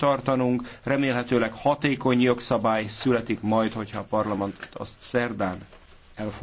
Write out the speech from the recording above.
tartanunk. Remélhetőleg hatékony jogszabály születik majd, hogyha a parlament azt szerdán elfog.